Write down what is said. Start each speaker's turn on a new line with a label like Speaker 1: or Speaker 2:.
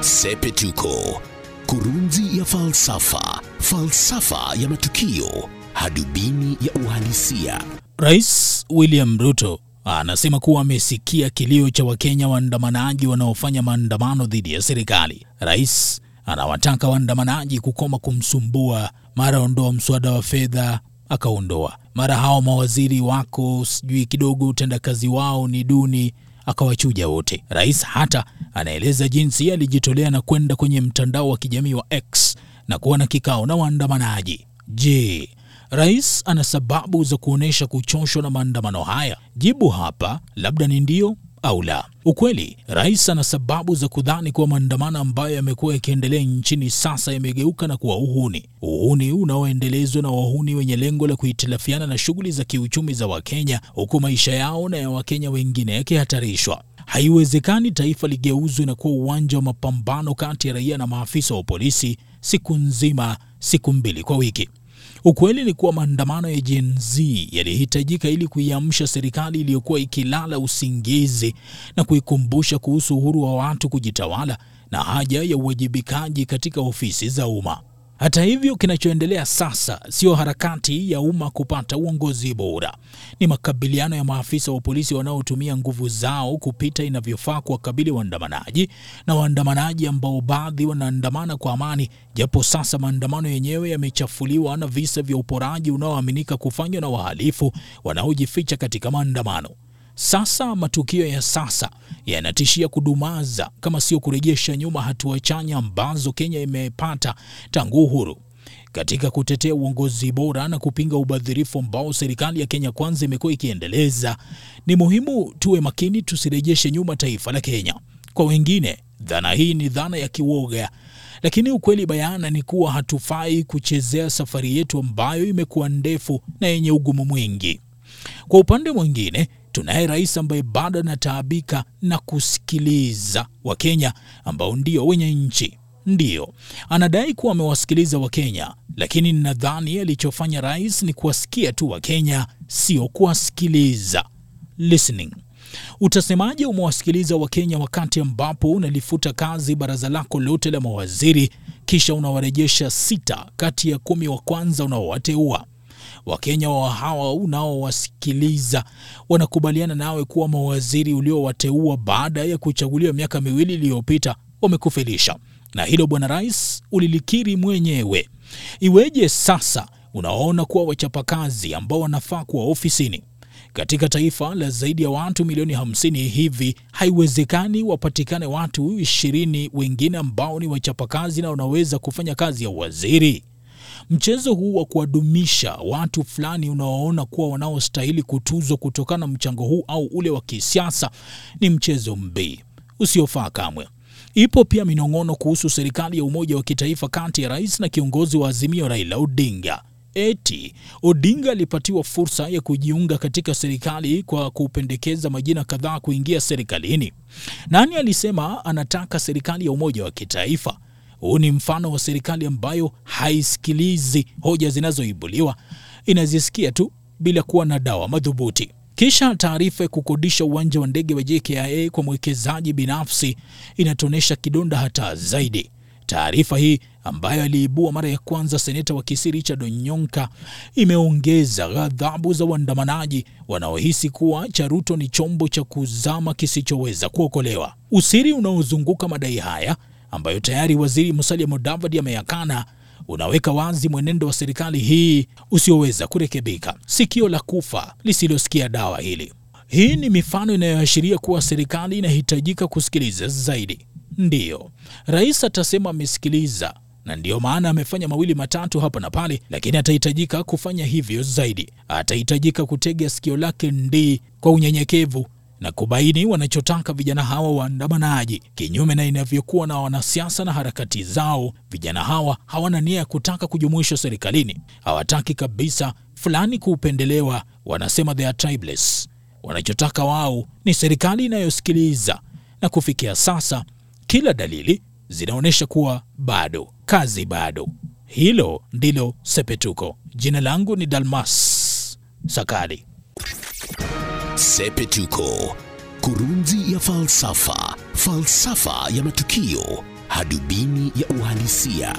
Speaker 1: Sepetuko, kurunzi ya falsafa, falsafa ya matukio, hadubini ya uhalisia. Rais William Ruto anasema kuwa amesikia kilio cha Wakenya waandamanaji wanaofanya maandamano dhidi ya serikali. Rais anawataka waandamanaji kukoma kumsumbua, mara ondoa mswada wa fedha akaondoa, mara hao mawaziri wako sijui kidogo utendakazi wao ni duni, akawachuja wote. Rais hata anaeleza jinsi alijitolea na kwenda kwenye mtandao wa kijamii wa X na kuwa na kikao na waandamanaji. Je, rais ana sababu za kuonyesha kuchoshwa na maandamano haya? Jibu hapa labda ni ndio au la. Ukweli, rais ana sababu za kudhani kuwa maandamano ambayo yamekuwa yakiendelea nchini sasa yamegeuka na kuwa uhuni, uhuni unaoendelezwa na wahuni wenye lengo la kuhitilafiana na shughuli za kiuchumi za Wakenya, huku maisha yao na ya Wakenya wengine yakihatarishwa. Haiwezekani taifa ligeuzwe na kuwa uwanja wa mapambano kati ya raia na maafisa wa polisi siku nzima, siku mbili kwa wiki. Ukweli ni kuwa maandamano ya Gen Z yalihitajika ili kuiamsha serikali iliyokuwa ikilala usingizi na kuikumbusha kuhusu uhuru wa watu kujitawala na haja ya uwajibikaji katika ofisi za umma. Hata hivyo, kinachoendelea sasa sio harakati ya umma kupata uongozi bora, ni makabiliano ya maafisa wa polisi wanaotumia nguvu zao kupita inavyofaa kuwakabili waandamanaji na waandamanaji ambao baadhi wanaandamana kwa amani, japo sasa maandamano yenyewe yamechafuliwa na visa vya uporaji unaoaminika kufanywa na wahalifu wanaojificha katika maandamano. Sasa matukio ya sasa yanatishia kudumaza kama sio kurejesha nyuma hatua chanya ambazo Kenya imepata tangu uhuru katika kutetea uongozi bora na kupinga ubadhirifu ambao serikali ya Kenya Kwanza imekuwa ikiendeleza. Ni muhimu tuwe makini, tusirejeshe nyuma taifa la Kenya. Kwa wengine, dhana hii ni dhana ya kiwoga, lakini ukweli bayana ni kuwa hatufai kuchezea safari yetu ambayo imekuwa ndefu na yenye ugumu mwingi. Kwa upande mwingine Tunaye rais ambaye bado anataabika na kusikiliza Wakenya ambao ndio wenye nchi. Ndiyo, anadai kuwa amewasikiliza Wakenya, lakini nadhani alichofanya rais ni kuwasikia tu Wakenya, sio kuwasikiliza. Listening. Utasemaje umewasikiliza Wakenya wakati ambapo unalifuta kazi baraza lako lote la mawaziri, kisha unawarejesha sita kati ya kumi wa kwanza unaowateua? Wakenya wa hawa unaowasikiliza wanakubaliana nawe kuwa mawaziri uliowateua baada ya kuchaguliwa miaka miwili iliyopita wamekufilisha na hilo Bwana Rais ulilikiri mwenyewe. Iweje sasa unaona kuwa wachapakazi ambao wanafaa kuwa ofisini katika taifa la zaidi ya watu milioni 50 hivi, haiwezekani wapatikane watu ishirini wengine ambao ni wachapakazi na wanaweza kufanya kazi ya uwaziri? mchezo huu wa kuwadumisha watu fulani unaoona kuwa wanaostahili kutuzwa kutokana na mchango huu au ule wa kisiasa ni mchezo mbii usiofaa kamwe. Ipo pia minong'ono kuhusu serikali ya umoja wa kitaifa kati ya rais na kiongozi wa Azimio Raila Odinga. Eti Odinga alipatiwa fursa ya kujiunga katika serikali kwa kupendekeza majina kadhaa kuingia serikalini. Nani alisema anataka serikali ya umoja wa kitaifa? Huu ni mfano wa serikali ambayo haisikilizi hoja zinazoibuliwa, inazisikia tu bila kuwa na dawa madhubuti. Kisha taarifa ya kukodisha uwanja wa ndege wa JKIA kwa mwekezaji binafsi inatonesha kidonda hata zaidi. Taarifa hii ambayo aliibua mara ya kwanza seneta wa Kisii Richard Onyonka imeongeza ghadhabu za waandamanaji wanaohisi kuwa Charuto ni chombo cha kuzama kisichoweza kuokolewa. Usiri unaozunguka madai haya ambayo tayari waziri Musalia Mudavadi ameyakana unaweka wazi mwenendo wa serikali hii usioweza kurekebika, sikio la kufa lisilosikia dawa hili. Hii ni mifano inayoashiria kuwa serikali inahitajika kusikiliza zaidi. Ndiyo, rais atasema amesikiliza, na ndiyo maana amefanya mawili matatu hapa na pale, lakini atahitajika kufanya hivyo zaidi. Atahitajika kutega sikio lake ndi kwa unyenyekevu na kubaini wanachotaka vijana hawa waandamanaji. Kinyume na inavyokuwa na wanasiasa na harakati zao, vijana hawa hawana nia ya kutaka kujumuishwa serikalini. Hawataki kabisa fulani kuupendelewa, wanasema they are tribeless. Wanachotaka wao ni serikali inayosikiliza, na kufikia sasa kila dalili zinaonyesha kuwa bado kazi bado. Hilo ndilo sepetuko. Jina langu ni Dalmas Sakali. Sepetuko, kurunzi ya falsafa, falsafa ya matukio, hadubini ya uhalisia.